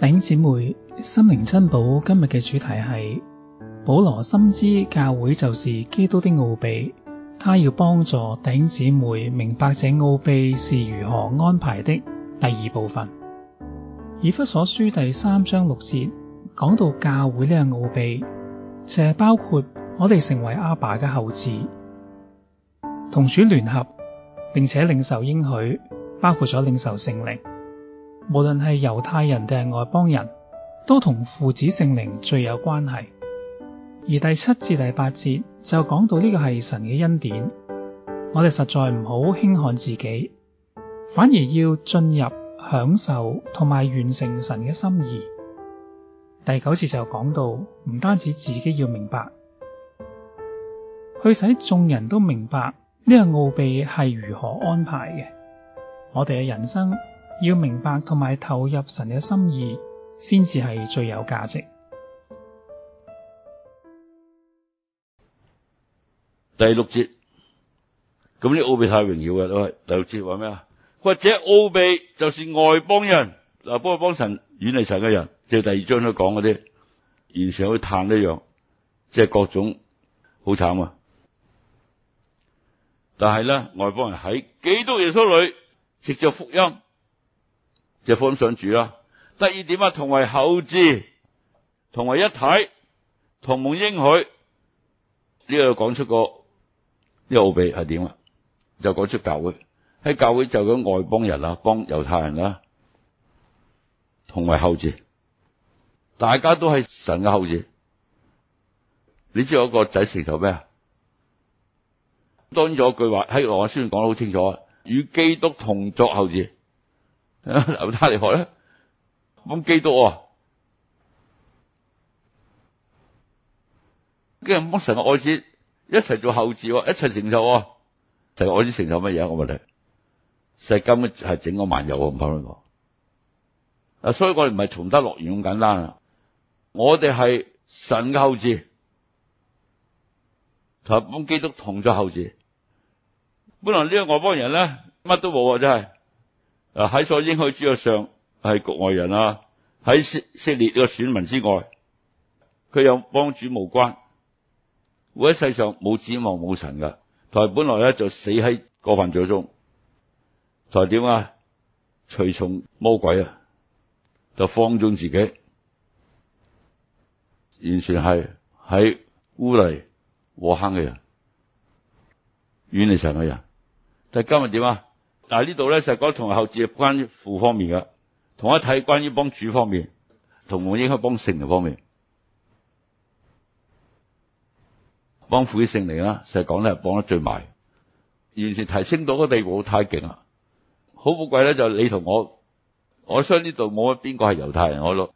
弟兄姊妹，心靈珍寶今日嘅主題係保羅深知教會就是基督的奧祕，他要幫助弟兄姊妹明白這奧祕是如何安排的。第二部分，以弗所書第三章六節講到教會呢個奧祕，就係、是、包括我哋成為阿爸嘅後嗣，同主聯合，並且領受應許，包括咗領受聖靈。無論係猶太人定係外邦人，都同父子聖靈最有關係。而第七至第八節就講到呢個係神嘅恩典，我哋實在唔好輕看自己，反而要進入享受同埋完成神嘅心意。第九節就講到，唔單止自己要明白，去使眾人都明白呢個奧祕係如何安排嘅。我哋嘅人生，要明白同埋投入神嘅心意，先至係最有價值第節。第六節，咁啲奧秘太榮耀嘅。喂，第六節話咩啊？或者奧秘就是外邦人嗱，包括幫神遠離神嘅人，即係第二章都講嗰啲，完全好似嘆一樣，即係各種好慘啊！但係咧，外邦人喺基督耶穌裡藉著福音。就放心上主啦、啊！第二點啊，同為後嗣，同為一體，同蒙應許。呢、這個講出個呢奧、這個、秘係點呀？就講出教會喺教會就咁外邦人啦、啊，幫猶太人啦、啊，同為後嗣，大家都係神嘅後嗣。你知道我個仔成就咩啊？當然有一句話喺羅馬書講得好清楚，與基督同作後嗣。劉他厲害啦！咁基督啊，跟住幫神嘅愛子一齊做後嗣，啊，一齊承受啊！神嘅愛子承受乜嘢？我問你，石金嘅係整個萬有，我唔怕我講，嗱，所以我哋唔係從得樂園咁簡單啊！我哋係神嘅後嗣，同基督同咗後嗣。本來呢個外邦人咧，乜都冇啊，真係。嗱喺所應許諸約上係局外人啦、啊，喺以色列呢個選民之外，佢有幫主無關，活喺世上冇指望冇神噶，台本來咧就死喺過犯罪中，台點啊？隨從魔鬼啊，就放縱自己，完全係喺污泥和坑嘅人，遠離神嘅人，但係今日點啊？嗱呢度咧，就講同為後嗣關於父方面嘅，同為一體關於幫主方面，同蒙應許幫性嘅方面，幫父啲聖人啦，實講咧係幫得最埋，完全提升到嗰地步太勁啦。好寶貴咧就你同我，我相信呢度冇邊個係猶太人，我諗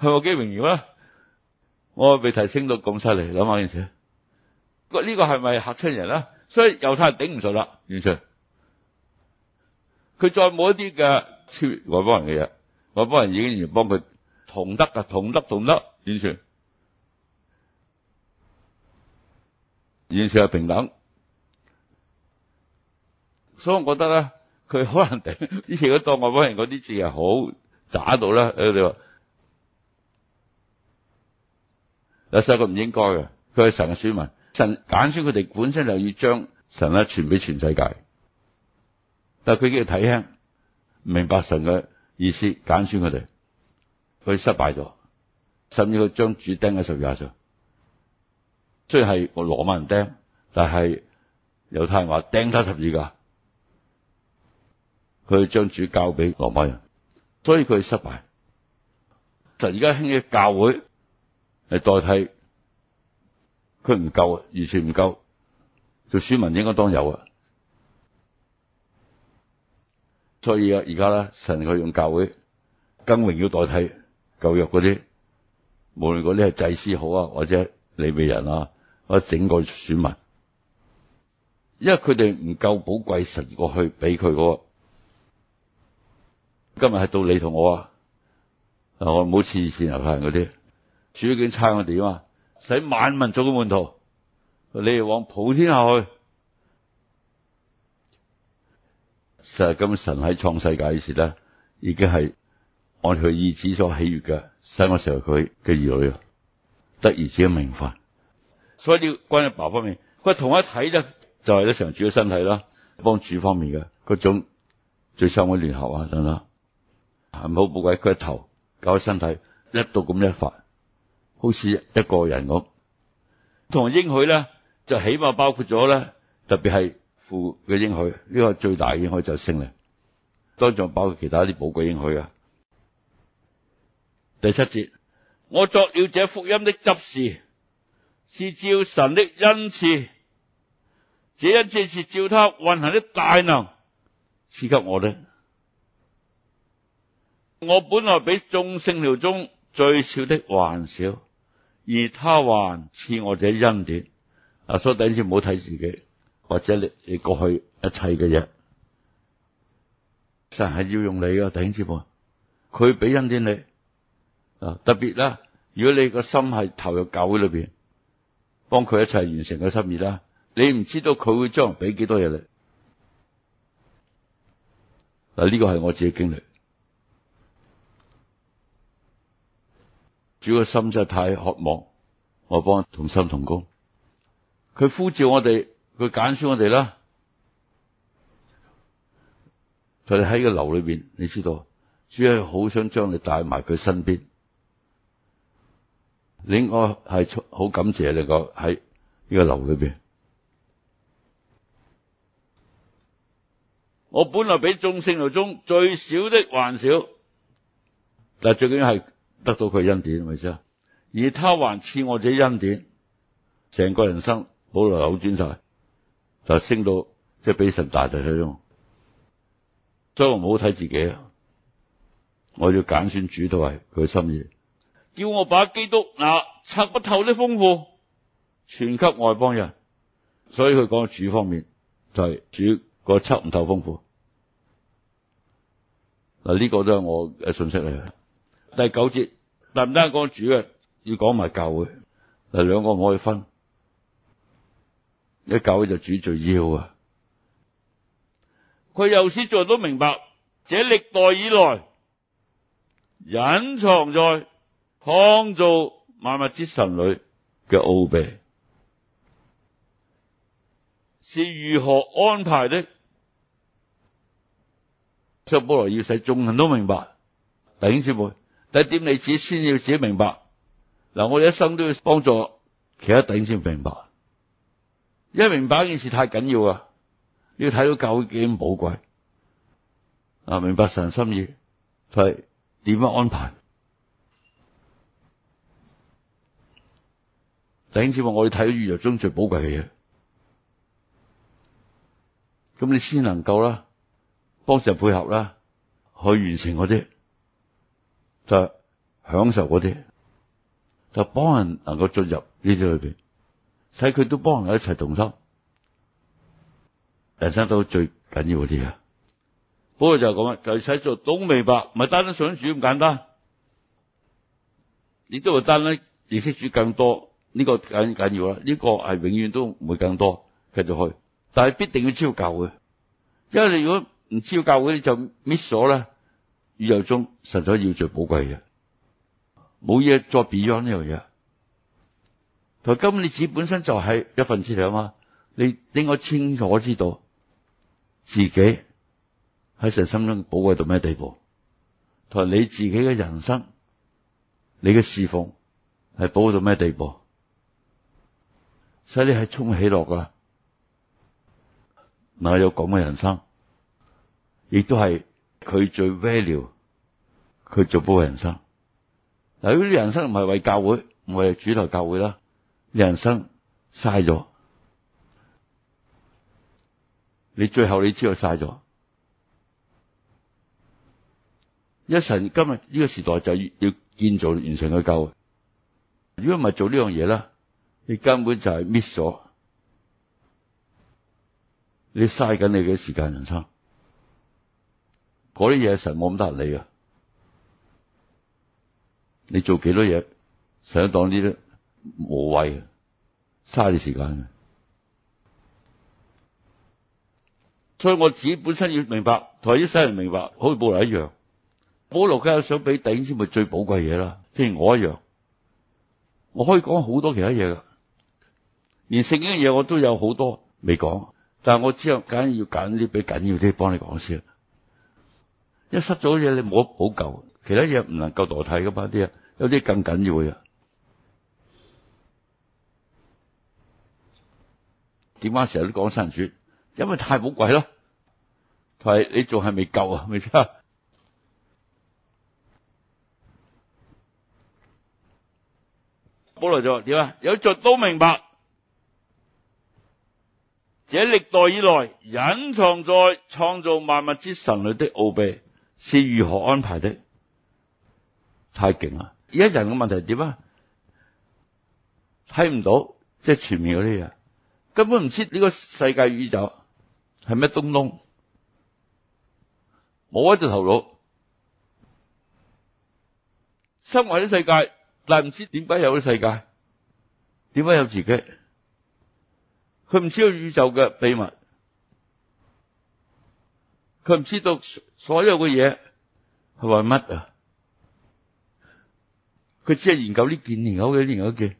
去冇幾名員啦，我未提升到咁犀利，諗下件事，這個、是是呢個係咪嚇親人啦，所以猶太人頂唔順啦，完全。佢再冇一啲嘅超越外邦人嘅嘢，外邦人已經完幫佢同得噶，同得同得完全，完全係平等。所以我覺得咧，佢可能以前佢當外邦人嗰啲字係好渣到啦。你話：有時佢唔應該嘅，佢係神嘅選民，神揀選佢哋本身就要將神咧傳俾全世界。但佢叫睇輕，明白神嘅意思，揀選佢哋，佢失敗咗，甚至佢將主釘喺十字架上。雖然係羅馬人釘，但係猶太人話釘喺十字架，佢將主交俾羅馬人，所以佢失敗。就而家興嘅教會嚟代替，佢唔夠，完全唔夠，做選民應該當有啊。所以啊，而家咧，神佢用教會更榮耀代替舊約啲，無論啲係祭司好啊，或者利未人啊，或者整個選民，因為佢哋唔夠寶貴，神過去俾佢個今日係到你同我，我啊，嗱我唔好似以色列嗰啲，處境差我點啊，使萬民做佢門徒，你哋往普天下去。實在神喺創世界嗰時咧，已經係按佢意旨所喜悅嘅，使我成為佢嘅兒女啊，得兒子嘅名分。所以關於爸爸方面，佢同一體咧，就係咧常主嘅身體啦，幫主方面嘅嗰種最深嘅聯合啊等等，唔好寶貴佢嘅頭，搞個身體一到咁一發，好似一個人咁。同應許咧，就起碼包括咗咧，特別係。富嘅應許，呢個最大嘅應許就係升咧。當中包括其他啲寶貴應許啊。第七節，我作了這福音的執事，是照神的恩賜，這恩賜是照他運行的大能賜給我的。我本來比眾聖徒中最小的還小，而他還賜我這恩典。啊，所以第一次唔好睇自己。或者你你過去一切嘅嘢實係要用你嘅弟兄姊妹，佢俾恩典你啊，特別啦。如果你個心係投入教會裏邊，幫佢一齊完成個心意啦，你唔知道佢會將人俾幾多嘢你嗱。呢個係我自己經歷，主嘅心真係太渴望我幫同心同工，佢呼召我哋。佢揀選我哋啦，但係喺個樓裏邊，你知道主係好想將你帶埋佢身邊，你應該係好感謝你講喺呢個樓裏邊。我本來比眾聖徒中最小的還小，但係最緊要係得到佢恩典，係咪先？而他還賜我這恩典，成個人生好來好轉晒。就升到即係俾神大大去咯。所以我唔好睇自己啊！我要揀選主都係佢嘅心意，叫我把基督嗱測不透啲豐富傳給外邦人，所以佢講主方面就係、是、主個測唔透豐富嗱，呢個都係我嘅信息嚟嘅。第九節，但唔單講主嘅，要講埋教會嗱，兩個我去分。一教就主最要啊！佢又使眾人都明白，這歷代以來隱藏在創造萬物之神裏嘅奧秘，是如何安排的。所以保羅要使眾人都明白。弟兄姊妹，第一點你自己先要自己明白。嗱，我哋一生都要幫助其他弟兄先明白。因為明白一件事太緊要啊，要睇到究竟寶貴啊，明白神心意係點樣安排。弟兄姊妹，我要睇到宇宙中最寶貴嘅嘢，咁你先能夠啦，幫人配合啦，去完成嗰啲，就是、享受嗰啲，就幫、是、人能夠進入呢啲裏邊。使佢都幫人一齊同心，人生都最緊要嗰啲啊。不過就係講啊，就使、是、做都明白，唔係單單想煮咁簡單。你都係單得，你識煮更多呢、這個梗緊要啦？呢、這個係永遠都唔會更多，繼續去。但係必定要超教會，因為你如果唔超教會嘅，你就 miss 咗啦。宇宙中神所要最寶貴嘅，冇嘢再 beyond 呢樣嘢。今日你子本身就係一份子嚟啊嘛，你應該清楚知道自己喺神心中寶貴到咩地步，同埋你自己嘅人生，你嘅侍奉係寶貴到咩地步，所以你係充起落噶。嗱有咁嘅人生，亦都係佢最 value，佢做寶貴人生。嗱如果啲人生唔係為教會，唔係主投教會啦。你人生嘥咗，你最後你知道嘥咗。一神今日呢個時代就要建造完成佢嘅教會。如果唔係做呢樣嘢啦，你根本就係 miss 咗，你嘥緊你嘅時間人生。嗰啲嘢神冇咁得你啊！你做幾多嘢，上當啲咧。無謂，嘥啲時間。所以我自己本身要明白，同埋啲世人明白，好似保羅一樣。保羅梗係想俾頂先，咪最寶貴嘢啦。即係我一樣，我可以講好多其他嘢噶。連聖經嘅嘢我都有好多未講，但係我只有梗係要揀啲俾緊要啲幫你講先。一失咗嘢你冇得補救，其他嘢唔能夠代替噶嘛啲啊，有啲更緊要嘅。點解成日都講新主？因為太寶貴咯。係你做係未夠啊？未得。保咗點啊？有在都明白，這歷代以來隱藏在創造萬物之神裡的奧祕是如何安排的。太勁啦！而家人嘅問題點啊？睇唔到即係全面嗰啲嘢。根本唔知呢個世界宇宙係咩東東，冇一隻頭腦，生活喺世界，但唔知點解有啲世界，點解有自己，佢唔知道宇宙嘅秘密，佢唔知道所有嘅嘢係為乜啊，佢只係研究呢件，研究嘅研究件。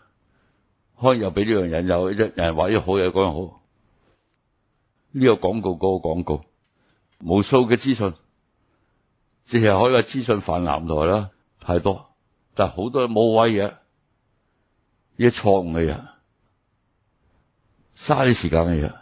可能又俾呢樣人又啫，人話呢好又講好，呢、這個廣告嗰個廣告，無數嘅資訊，淨係可以話資訊泛濫嚟啦，太多，但係好多冇謂嘢，啲錯誤嘅嘢，嘥啲時間嘅嘢。